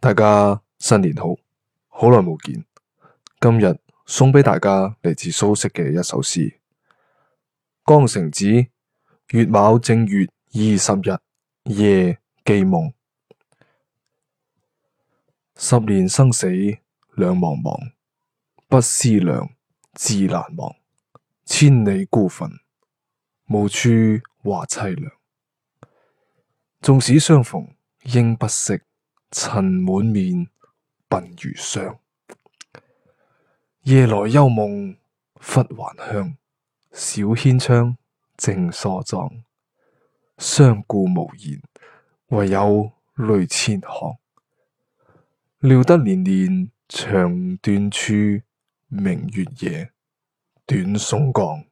大家新年好，好耐冇見。今日送畀大家嚟自蘇軾嘅一首詩《江城子》：乙卯正月二十日夜記夢。十年生死兩茫茫，不思量，自難忘。千里孤墳，無處話淒涼。縱使相逢應不識。塵滿面，鬢如霜。夜來幽夢忽還鄉，小軒窗，正梳妝。相顧無言，唯有淚千行。料得年年腸斷處，明月夜，短松岡。